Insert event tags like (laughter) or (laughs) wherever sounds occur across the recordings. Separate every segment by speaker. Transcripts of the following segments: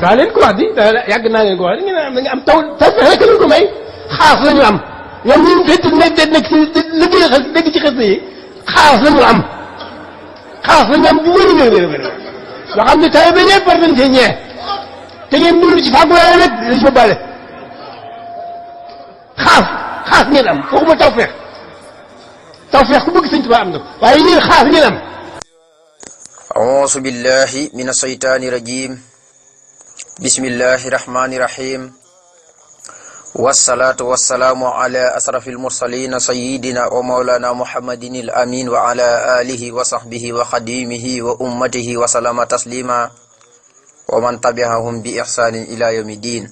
Speaker 1: daa leen ko wax di da yàgg naa leen ko wax di ngeen am da nga am taw tawfeex rek lañ ko may xaas la ñu am ñoom ñun déet nekk déet nekk si liggéey xas dégg ci xas yi xaas la ñu am xaas la ñu am bu wér a wér a wér yoo xam ne tawee ba ñëpp war nañ cee ñee te ngeen dund ci fàggu yàlla rek dañ ko bale xaas xaas ngeen am waxuma tawfeex tawfeex ku bëgg sëñ Tuubaa am na waaye yéen xaas ngeen am. auzu billahi mina shaytaani rajiim bismillahi rahmani rahim wasalaatu wasalaamu ala asrafi almursalina sayidina wa maulana muhammadin al amin wa ala alihi wa sahbihi wa xadimihi wa ummatihi wa salama taslima wa man tabiahum bi ihsanin ila yawmi din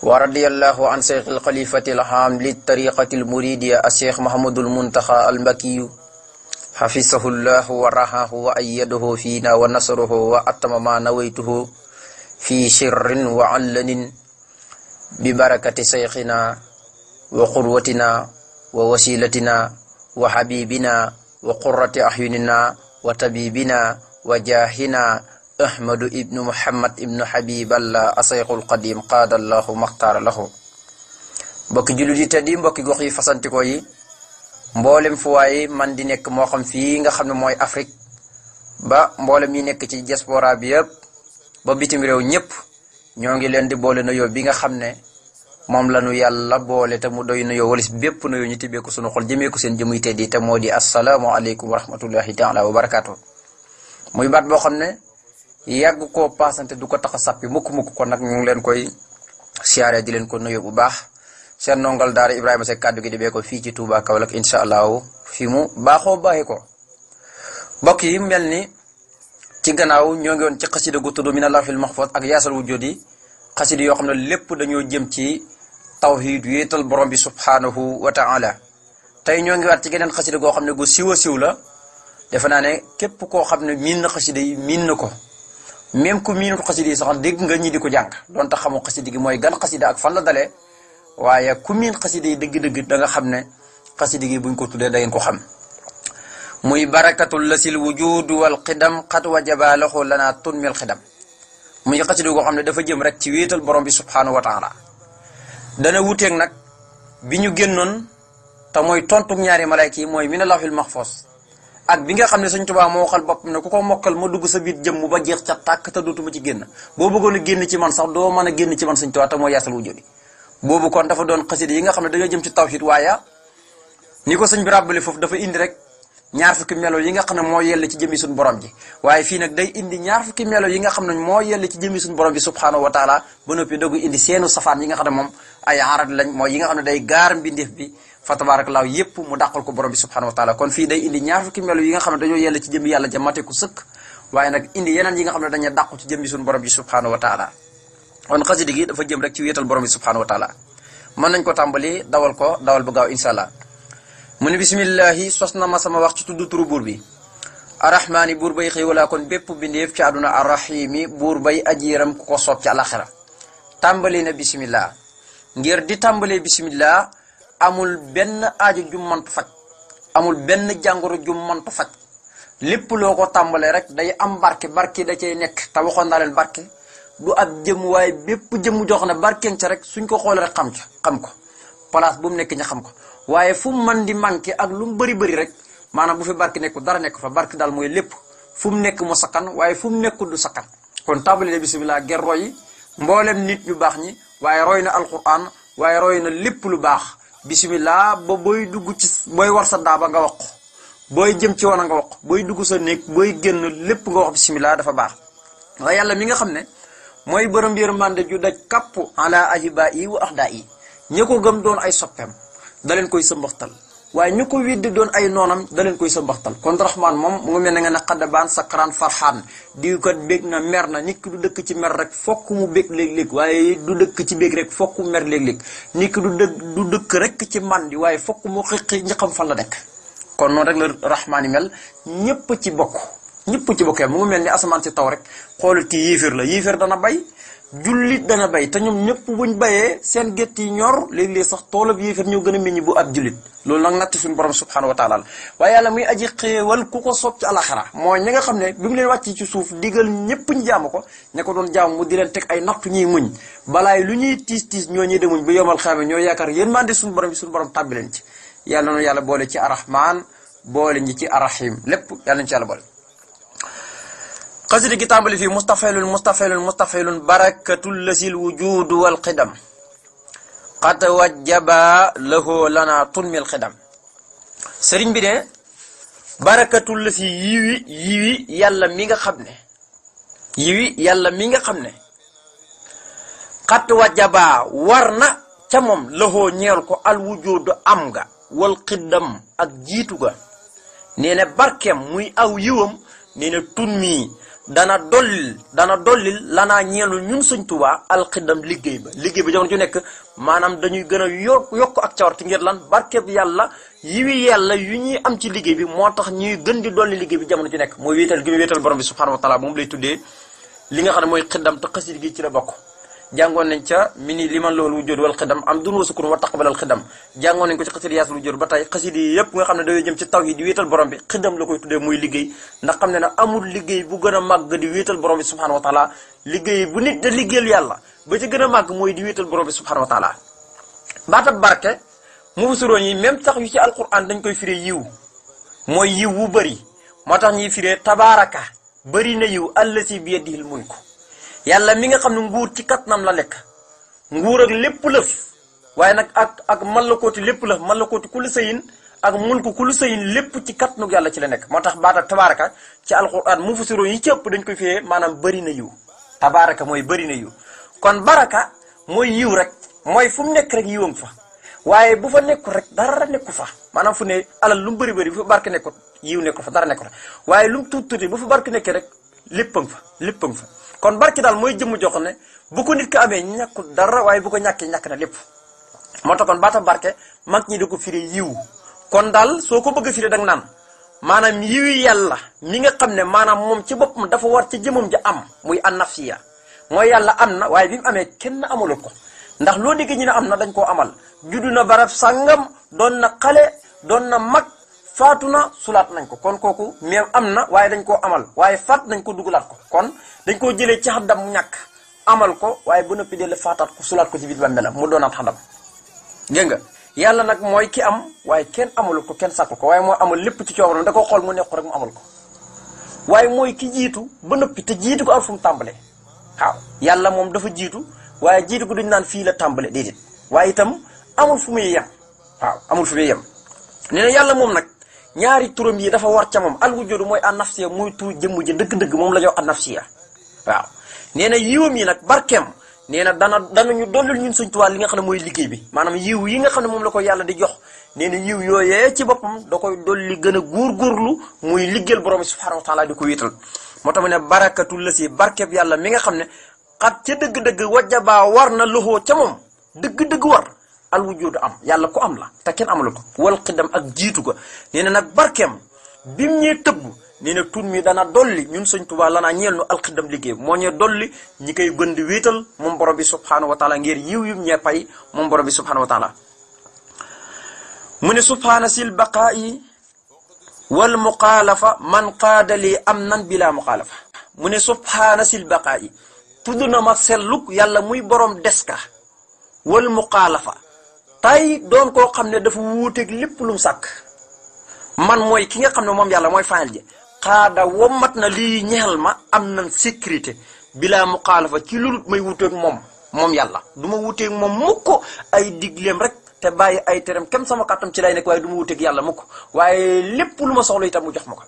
Speaker 1: wa radiyallahu an cheikh alxalifati alham li tariqati almuridiya acheikh mahamadul muntaxa almbakiyu xafisahu llahu wa rahahu wa ayyadahu fiina wa nasaruhu wa atama ma nawaytuhu fi sirrin wa allanin bi barakati sayxina wa qurwatina wa wasilatina wa xabibina wa qurati ahyunina wa tabibina wa jaahina ahmadu ibnu muhammad ibnu habiballah asayxul qadim qaada allahu lahu mbokki jullit yi tedd yi mbokki gox yi fasantikoo yi mboolem nekk moo xam fii nga xam ne mooy Afrique ba mboolem yi nekk ci diaspora bi ba bitim réew ñëpp ñoo ngi leen di boole nuyoo bi nga xam ne moom la nu yàlla boole te mu doy nuyoo walis bépp nuyoo ñu tibbeeku ko sunu xol jëmee ko seen jëmuy tedd yi te moo di asalaamaaleykum wa rahmatullahi taala wa barakaatu. muy baat boo xam ne yàgg koo paasante du ko tax a sàppi mukk-mukk kon nag ñu ngi leen koy siyaare di leen ko nuyoo bu baax seen nongol daara Ibrahima Seck kàddu gi di bee ko fii ci Touba Kaolack incha allah fi mu baaxoo baaxee ko mel ci gannaaw ñoo ngi woon ci xasida gu tudd min al-lawhil mahfuz ak yaasal wujudi xasida yoo xam ne lépp dañoo jëm ci tawhid wéetal borom bi subhanahu wa ta'ala tey ñoo ngi waat ci geneen xasida goo xam ne gu siw a siw la defe naa ne képp koo xam ne miin na xasida yi miin na ko même ku miinut xasida yi sax dégg nga ñii di ko jàng doon tax xamu xasida gi mooy gan xasida ak fan la dalee waaye ku miin xasida yi dëgg-dëgg da nga xam ne xasida gi buñ ko tuddee da ngeen xam muy barakatul lasil wujud wal xidam xat wajaba loxo lanaa tunmil xidam muy xasida goo xam ne dafa jëm rek ci wéetal borom bi subhanahu wa taala dana wuteeg nag bi ñu génnoon te mooy tontu ñaari malayka yi mooy mina lawhil mahfuz ak bi nga xam ne Sëñ Tuubaa moo waxal boppam ne ku ko mokkal ma dugg sa biir jëmm ba jeex ca tàkk te dootuma ci génn boo bëggoon génn ci man sax doo mën a génn ci man Sëñ Tuubaa te mooy yaasal wujudi boobu kon dafa doon xasida yi nga xam ne dañoo jëm ci taw tawhid waaye ni ko sañ bi ràbbale foofu dafa indi rek ñaar fukki melo yi nga xam ne moo yell ci jëmi suñu borom ji waaye fii nag day indi ñaar fukki melo yi nga xam ne moo yell ci jëmi suñu borom ji subhaanahu wa taala ba noppi dogu nga xam ne moom ay arat lañ mooy yi nga xam ne day gaar mbindeef bi fa tabaarakallaahu yépp ko borom bi subhaanahu wa kon fii day indi ñaar fukki melo yi nga xam ne dañoo yell ci jëmi yàlla ja mate ku sëkk waaye nag ne dañuy dàqu ci jëmi suñu borom ji subhaanahu wa taala kon xasida gi dafa jëm rek ci wéetal borom bi subhaanahu wa taala mën nañ ko tàmbali dawal ko dawal bu gaaw incha allah mu ne bisimillahi sos na ma sama wax ci tudd turu buur bi arrahmaani buur bay xëy walaa kon bépp bindeef ci àdduna arrahimi buur bay ajiiram ku ko soob ci alaxera tàmbali na bisimillah ngir di tàmbalee bisimillah amul benn aajo ju mëntu faj amul benn jàngoro ju mëntu faj lépp loo ko tàmbalee rek day am barke barke da cay nekk te waxoon leen barke du ab jëm waaye bépp jëmm jox na barkeen ca rek suñ ko xoolee rek xam ca xam ko place bu mu nekk ña xam ko waaye fu mu man di manqué ak lu mu bëri bëri rek maanaam bu fi barke nekkul dara nekk fa barke daal mooy lépp fu mu nekk mu sakkan waaye fu mu nekkul du sakkan kon tàmbali de bisimilah ger roy mboolem nit ñu baax ñi waaye roy na alquran waaye roy na lépp lu baax bisimilah ba booy dugg ci booy war sa daaba nga wax booy jëm ci wana nga wax booy dugg sa néeg booy génn lépp nga wax bisimilah dafa baax waaye yàlla mi nga xam ne mooy borom yërmande ju daj kàpp ala ahiba yi wa axda yi ñi gëm doon ay soppeem da leen koy sëmbaxtal waaye ñu ko widdi doon ay noonam daleen leen koy sëmbaxtal kon raxmaan moom mu ngi mel ne nga ne xaddabaan sakkaraan farxaan di kat bég na meer na nikk ki du dëkk ci mer rek fokk mu bég léeg-léeg waaye du dëkk ci bég rek fokk mu mer léeg du dëkk du dëkk rek ci man di waaye fokk mu xëq ñi xam fan la nekk kon noonu rek la raxmaan yi mel ñépp ci bokk ñëpp ci bokk yam mu mel ni asamaan taw rek xoolal kii la yiifir dana bay jullit dana bay te ñoom ñëpp buñ bayee seen gétt yi ñor léeg-léeg sax toolab yiifir ñoo gën a meññ bu ab jullit loolu nag natt suñu borom subhanahu wa taala la waaye yàlla muy aji xéewal ku ko soob ci alaxara mooy ñi nga xam ne bi mu leen wàcc ci suuf digal ñëpp ñu jaamu ko ña ko doon jaamu mu di leen teg ay nattu ñuy muñ balaay lu ñuy tiis tiis ñoo ñuy demuñ ba yomal xaame ñoo yaakaar yéen mandi suñu borom bi suñu borom tàbbi leen ci yàlla noonu yàlla boole ci arrahman boole ñi ci arrahim lépp yàlla nañu ci yàlla boole xasida gi tàmbali fii mustafilun mustafilun mustafilun barakatul lasil wujudu wal xidam xat wajjaba lahoo lana tunmil xidam sëriñ bi ne barakatul lasi yiwi yiwi yàlla mi nga xam ne yiwi yàlla mi nga xam ne xat wajjaba war na ca moom lahoo ñeel ko al wujudu am nga wal ak jiitu ga nee na barkeem muy aw yiwam nee na tun dana dollil dana dollil lanaa ñeelul ñun sëñ Tuubaa alxidam liggéey bi liggéey bi jamono ju nekk maanaam dañuy gën a yokk yokk ak cawarte ngir lan barkeb yàlla yiwi yàlla yu ñuy am ci liggéey bi moo tax ñuy gën di dolli liggéey bi jamono ju nekk mooy wéetal gi muy wéetal borom bi subhaanahu wa moom lay tuddee li nga xam ne mooy xidam te xasit gi ci la bokk jàngoon nañ ca mi ni liman loolu wujjóot wal xidam am dun wa sukun wa taqbalal xidam jàngoon nañ ko ci xasida yaas wujjóot ba tey xasida yi yëpp nga xam ne dafay jëm ci taw yi di wéetal borom bi xidam la koy tuddee muy liggéey ndax xam ne nag amul liggéey bu gën a màgg di wéetal borom bi subhanahu wa taala liggéey bu nit da liggéeyal yàlla ba ci gën a màgg mooy di wéetal borom bi subhanahu wa taala baatab barke mu suróon yi même tax yu ci alquran dañ koy firee yiw mooy yiw wu bëri moo tax ñuy firee tabaaraka bëri na yiw allasi bi yadihil mulku yàlla mi nga xam ne nguur ci kattanam la lekk nguur ak lépp lëf waaye nag ak ak malakooti lépp lëf malakooti kulli sayin ak mun mulku kulli sayin lépp ci kattanu yàlla ci la nekk moo tax baata tabaaraka ci alxuraan mu fusiroon yi cëpp dañ koy fiyee maanaam bëri na yiw tabaaraka mooy bëri na yiw kon baraka mooy yiw rek mooy fu mu nekk rek yiwam fa waaye bu fa nekkul rek dara nekku fa maanaam fu ne alal lu mu bëri bëri bu fa barke nekkut yiw nekku fa dara nekku fa waaye lu mu tuuti tuuti bu fa barke nekkee rek léppam fa léppam fa kon barke daal mooy jëmm jox ne bu ko nit ko amee ñàkkul dara waaye bu ko ñàkkee ñàkk na lépp moo tax kon baatam barke mag ñi di ko firi yiw kon daal soo ko bëgg a firi dang naan maanaam yiwi yàlla mi nga xam ne maanaam moom ci boppam dafa war ci jëmmam ja am muy annafsiya mooy yàlla am na waaye bi mu amee kenn amalul ko ndax loo dégg ñu ne am na dañ koo amal juddu na barab sàngam doon na xale doon na mag faatu na sulaat nañ ko kon kooku meew am na waaye dañ koo amal waaye faat nañ ko dugalaat ko kon dañ koo jëlee ci xaddam mu ñàkk amal ko waaye ba noppi dellu faataat ko sulaat ko ci biir bàmmeelam mu doonaat xaddam dégg nga yàlla nag mooy ki am waaye kenn amalu ko kenn sàkku ko waaye mooy amal lépp ci coobaram da ko xool mu nekk rek mu amal ko waaye mooy ki jiitu ba noppi te jiitu ko am fu mu tàmbalee waaw yàlla moom dafa jiitu waaye jiitu ko duñ naan fii la tàmbale déedéet waaye itam amul fu muy yem waaw fu muy yàlla moom nag ñaari turam yi dafa war ca moom al wujudu mooy an nafsiya mooy tur jëmm jën dëgg-dëgg moom la ñuy wax an nafsiya waaw nee na yiwam yi nag barkeem nee na dana danañu dollul ñun Sëñ Tuubaa li nga xam ne mooy liggéey bi maanaam yiw yi nga xam ne moom la ko yàlla di jox nee na yiw yooyee ci boppam da koy dolli gën a góorgóorlu muy liggéeyal borom subhaanahu wa taala di ko yital moo tax mu ne barakatu la si barkeeb yàlla mi nga xam ne xat ca dëgg-dëgg wajjabaa war na loxoo ca moom dëgg-dëgg war al wujudu am yàlla ko am la te kenn amalu ko wal xidam ak jiitu ko nee na nag barkeem bim ñee tëbb nee na tur mi dana dolli ñun sëñ Tuubaa lanaa ñeel nu alxidam liggéey moo ñee dolli ñi koy gën di wéetal moom borom bi subhaanahu wa ngir yiw yum ñee pay moom borom bi subhaanahu wa ne subhaana sil baqaa'i wal muxaalafa man qaadali nan bila muxaalafa mu ne subhaana sil baqaa'i tudd na ma selluk yàlla muy borom deska wal muxaalafa tay doon koo xam ne dafa wuuteeg lépp lu mu sàkk man mooy ki nga xam ne moom yàlla mooy fayal ji xaada womat na lii ñexel ma am na sécurité bilaa muxaalafa ci lulut may wuuteeg moom moom yàlla du ma wuuteeg moom mukk ay digleem rek te bàyyi ay teram kem sama kàttam ci lay nekk waaye du ma wuuteeg yàlla mukk waaye lépp lu ma soxla itam mu jox ma ko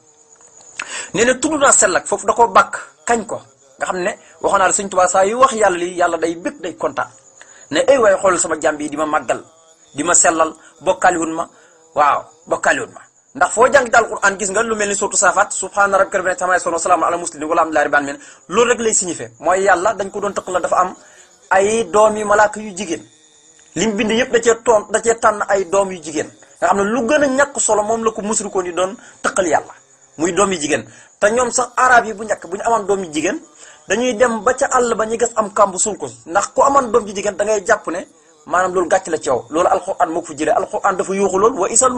Speaker 1: nee tudd naa sell foofu da koo bàkk kañ ko nga xam ne waxoon naa la Sëñ saa yu wax yàlla lii yàlla day bëgg day kontaan ne ay waaye sama jàmb yi di ma màggal di ma sellal bokkaaliwun ma waaw bokkaaliwun ma ndax foo jàng daal Alquran gis nga lu mel ni surtout saafaat subhaana rabbika rabbil izzati wa salaamun ala muslimin walhamdulillahi rabbil alamin loolu rek lay signifié mooy yàlla dañ ko doon tëq la dafa ay doom yu malaaka yu jigéen lim bind yëpp da cee toon da cee tànn ay doom yu jigéen nga xam ne lu gën a ñàkk solo moom la ko musrikoon ni doon tëqal yàlla muy doom yu jigéen te ñoom sax arab yi bu ñàkk bu ñu amoon doom yu jigéen dañuy dem ba ca àll ba ñu gas am kàmb suul ko ndax ku amoon doom yu jigéen da ngay jàpp ne maanaam loolu gàcc la ci yow loolu alxuraan moo ko fa jëlee alxuraan dafa yuuxu lool wa isal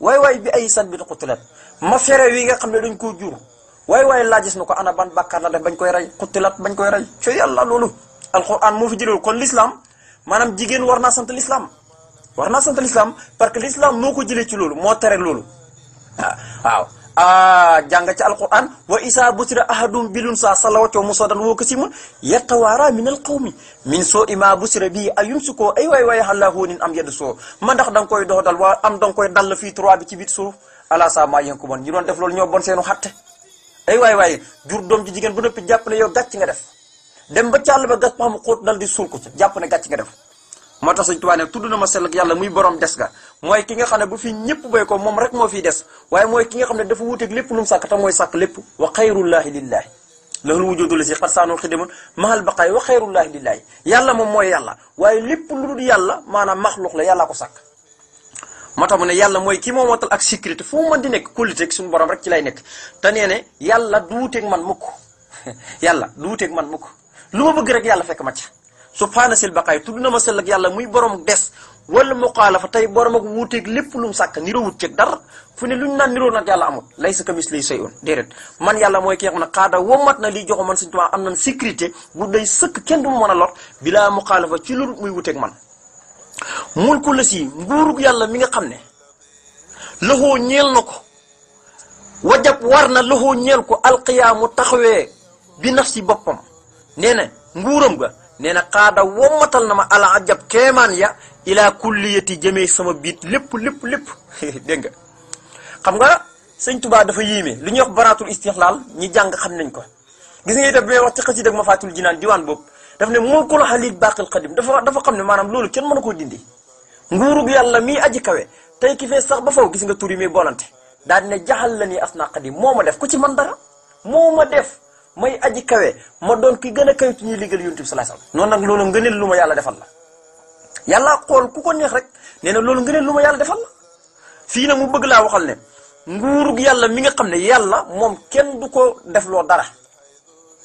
Speaker 1: waay waay bi ay san bi qutilat ma fere wi nga xam ne dañ koo jur waay waay laajis na ko ana ban bàkkaar la def bañ koy rey qutilat bañ koy rey ci yàlla loolu alxuraan moo fi jëlee kon l'islam maanaam jigéen war naa sant l'islam war naa sant l'islam parce que l'islam moo ko jëlee ci loolu moo tere loolu waaw a janga ca alquran wa isa busira ahadum bilun sa salawatu musadan wo kasimun yatawara min alqawmi min so ima busira bi ayumsuko ay way way halahunin am yadu so ma ndax dang koy doxal wa am dang koy dal fi trois bi ci biit suuf ala sa ma yanku bon ñi doon def lool ñoo bon seenu xatte ay waay waay jur doom ji jigéen bu noppi jàpp ne yow gàcc nga def dem ba càll ba gas ba xam xóot dal di suul ko ca jàpp ne gàcc nga def moo tax sëñ Tuubaa ne tudd na ma sell ak yàlla muy borom des ga mooy ki nga xam ne bu fi ñëpp béy ko moom rek moo fiy des waaye mooy ki nga xam ne dafa wuuteeg lépp lu mu sàkk te mooy sàkk lépp wa xayrullaahi lillaahi lahul wujudu la si xat saanul xidimun mahal baqaay wa xayrullaahi lillaahi yàlla moom mooy yàlla waaye lépp lu dul yàlla maanaam maxluux la yàllaa ko sàkk moo tax mu ne yàlla mooy ki moomatal ak sécurité fu mu mën di nekk kuliteeg suñu borom rek ci lay nekk te nee ne yàlla du wuuteeg man mukk (laughs) yàlla du wuuteeg man mukk lu ma bëgg rek yàlla fekk ma ca subhaana sil baqaay tudd na ma sell ak yàlla muy borom des wala muxaalafa tey borom ak wuuteeg lépp lu mu sàkk niroo wut dara fu ne lu ñu naan niroo nag yàlla amul lay sa kamis lay oon déedéet man yàlla mooy ki nga xam ne xaada womat na li joxo man Sëñ Tuubaa am na sécurité bu day sëkk kenn du mu mën a lot bilaa muxaalafa ci lu muy wuteeg man mulku la si nguurug yàlla mi nga xam ne loxoo ñeel na ko wajab war na loxoo ñeel ko alqiyaamu taxawee bi naf si boppam nee na nguuram ga nee na xaada wommatal na ma ala ajab kéemaan ya ilaa kulliyati jëmee sama biit lépp lépp lépp (laughs) dégg nga xam nga sëñ tubaa dafa yéeme lu ñuy wax baraatul istixlaal ñi jàng xam nañ ko gis nga itam bi may wax ci xasida ak Mafaatul Jinaan diwaan boobu daf ne mulkul xaliil baaqil xadim dafa dafa xam ne maanaam loolu kenn mën a koo dindi nguurug yàlla mii aji kawe tey ki fee sax ba faw gis nga tur yi muy bolante daal dina jaxal la ni asnaa xadim moo ma def ku ci man dara moo ma def may aji kawe ma doon ki gën a kawe ci ñuy liggéeyal yonent bi sallallahu alayhi noonu nag loolu ngëneel lu ma yàlla defal la yàlla xool ku ko neex rek nee na loolu ngëneel lu ma yàlla defal la fii nag mu bëgg laa waxal ne nguurug yàlla mi nga xam ne yàlla moom kenn du ko def loo dara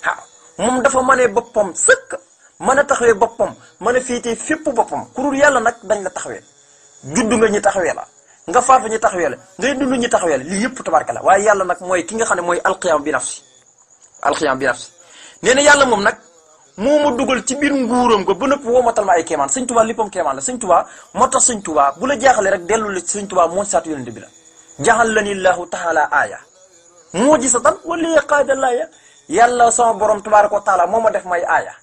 Speaker 1: waaw moom dafa mënee boppam sëkk mën a taxawee boppam mën a féetee fépp boppam kurul yàlla nag dañ la taxawee judd nga ñu taxawee la nga faatu ñu taxawee la ngay dund ñu taxawee la lii yëpp tabarka la yàlla nag mooy ki nga xam ne mooy alqiyaam bi alxiyaam bi nafsi nee yàlla moom nag moo ma dugal ci biir nguuram ko ba nëpp woo matal ma ay kéemaan sëñ tubaa léppam kéemaan la sëñ tubaa moo tax sëñ tubaa bu la jaaxalee rek dellu la sëñ tubaa saat saatu yonente bi la jaxal la ni laahu taala aaya moo ji sa tan wala qaada laaya yàlla sama borom tabaaraka wa taala moo ma def may aaya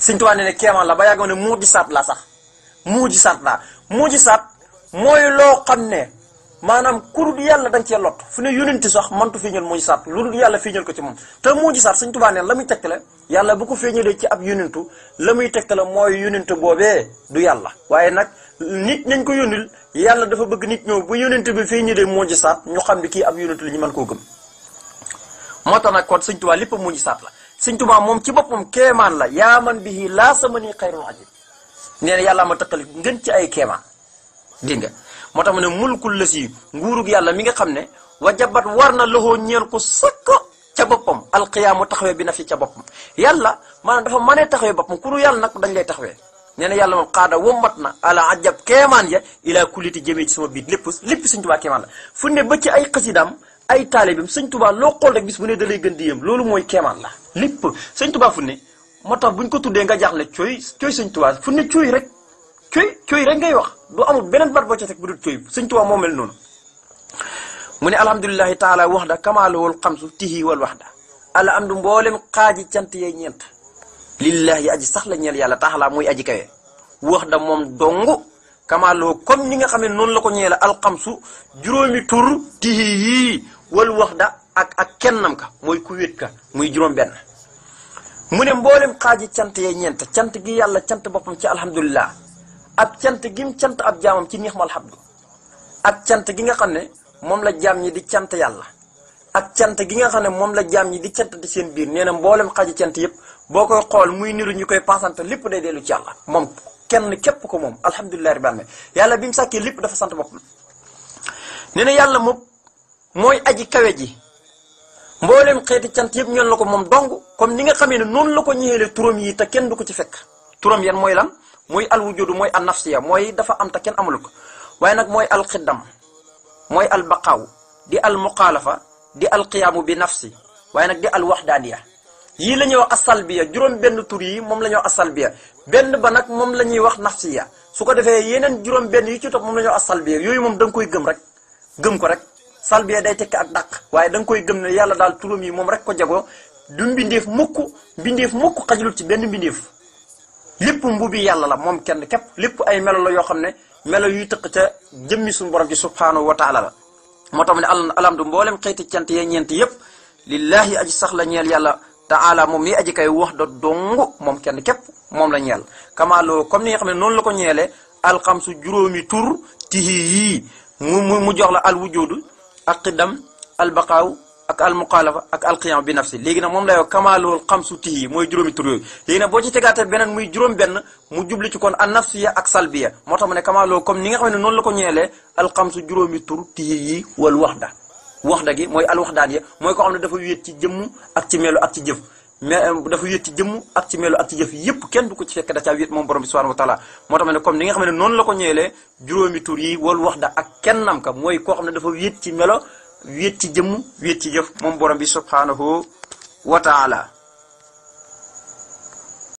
Speaker 1: sëñ tubaa nee ne la ba yàgg ne moo ji saat laa sax moo ji saat laa moo saat mooy loo xam ne maanaam ku dul yàlla dañ cee lot fu ne yónent sax mantu feeñal mujjisaat lu dul yàlla feeñal ko ci moom te mujjisaat Sëñ Tuubaa neen la muy tegtale yàlla bu ko feeñalee ci ab yónentu la muy tegtale mooy yónent boobee du yàlla waaye nag nit nañ ko yónnil yàlla dafa bëgg nit ñëw bu yónent bi feeñalee mujjisaat ñu xam ne kii ab yónentu la ñu man koo gëm moo tax nag kon Sëñ Tuubaa lépp mujjisaat la Sëñ Tuubaa moom ci boppam keemaan la yaa man bi bihi laa sama nii xayrul ajib nee na yàlla ma tëqal ngeen ci ay keemaan dégg moo tax mu ne mulkul la si nguurug yàlla mi nga xam ne wajabat war na loxoo ñeel ko sakk ca boppam alqiyaamu taxawee bi na fi ca boppam yàlla maanaam dafa mënee taxawee boppam ku dul yàlla nag dañ lay taxawee nee na yàlla moom xaada wommat na ala ajab keemaan ya ilaa kulliti jëmee ci sama biit lépp lépp sëñ tubaa keemaan la fu ne ba ci ay xasidaam ay taalibam sëñ tubaa loo xool rek bis bu ne da lay gën di yëm loolu mooy kemaan la lépp sëñ tubaa fu ne moo tax buñ ko tuddee nga jaaxle cooy cooy sëñ tubaa fu rek cuy cuy rek ngay wax du amul beneen bat boo ca teg bu dul cuy sëñ Tuubaa moo mel noonu mu ne alhamdulilahi taala waxda kamaalowul xamsu tihi wal ala am du mboolem xaaji cant yee ñeent lillahi aji sax la ñeel yàlla taxalaa muy aji kawe waxda moom dong kamaaloo comme ni nga xam ne noonu la ko ñeela alxamsu juróomi tur tihi yii wal waxda ak ak kennam ka mooy ku wét ka muy juróom benn mu ne mboolem xaaji cant yee ñeent cant gi yàlla cant boppam ci alhamdulilah ak cant gim cant ab jaamam ci nixmal xabdu ak cant gi nga xam ne moom la jaam ñi di cant yàlla ak cant gi nga xam ne moom la jaam ñi di cant di seen biir nee na mboolem xaji cant yëpp boo koy xool muy niru ñu koy paasante lépp day dellu ci yàlla moom kenn képp ko moom alhamdulilah rabbil alamin yàlla bi mu sàkkee lépp dafa sant boppam nee yàlla moom mooy aji kawe ji mboolem xeeti cant yëpp ñoon la ko moom dong comme ni nga xamee ne noonu la ko ñëwee turam yi te kenn du ko ci fekk turam yan mooy lan muy al wujudu mooy al nafsiya mooy dafa am te kenn amul ko waaye nag mooy al xiddam mooy al baqaaw di al muxaalafa di al qiyaamu bi nafsi waaye nag di al waxdaaniya yii la ñuy wax asalbiya juróom benn tur yi moom la ñuy wax benn ba nag moom la ñuy wax nafsiya su ko defee yeneen juróom benn yi ci topp moom la ñuy wax yooyu moom da koy gëm rek gëm ko rek salbiya day tekki ak dàq waaye da koy gëm ne yàlla daal turam yi moom rek ko jagoo du mbindeef mukk mbindeef mukk xajalut ci benn mbindeef lépp mbubi yàlla la moom kenn képp lépp ay melo la yoo xam ne melo yuy tëq ca jëmmi suñu borom ji subhaanahu wa la moo tax mu ne alhamdu mboolem xeeti cant yee ñeent yëpp lillaahi aj sax la ñeel yàlla taala moom mi aji kay wax da dong moom kenn képp moom la ñeel kamaaloo comme ni nga xam ne noonu la ko ñeele alxamsu juróomi tur tihi yii mu mu jox la al wujudu ak qidam albaqaaw ak al muxaalafa ak al qiyaam bi nafsi léegi nag moom la yow kamaalul xamsu tihi mooy juróomi tur yooyu léegi nag boo ci tegaatee beneen ci kon an nafsiya ak salbiya moo tax mu ne kamaalul comme xam ne noonu la ko ñeelee alxamsu juróomi tur tihi yi wal waxda ko xam ne dafa wéet ak euh, kenn du ka mooy koo xam ne dafa wéet ci melo wéet ci jëmm wéet ci jëf moom borom bi subhanahu wa taala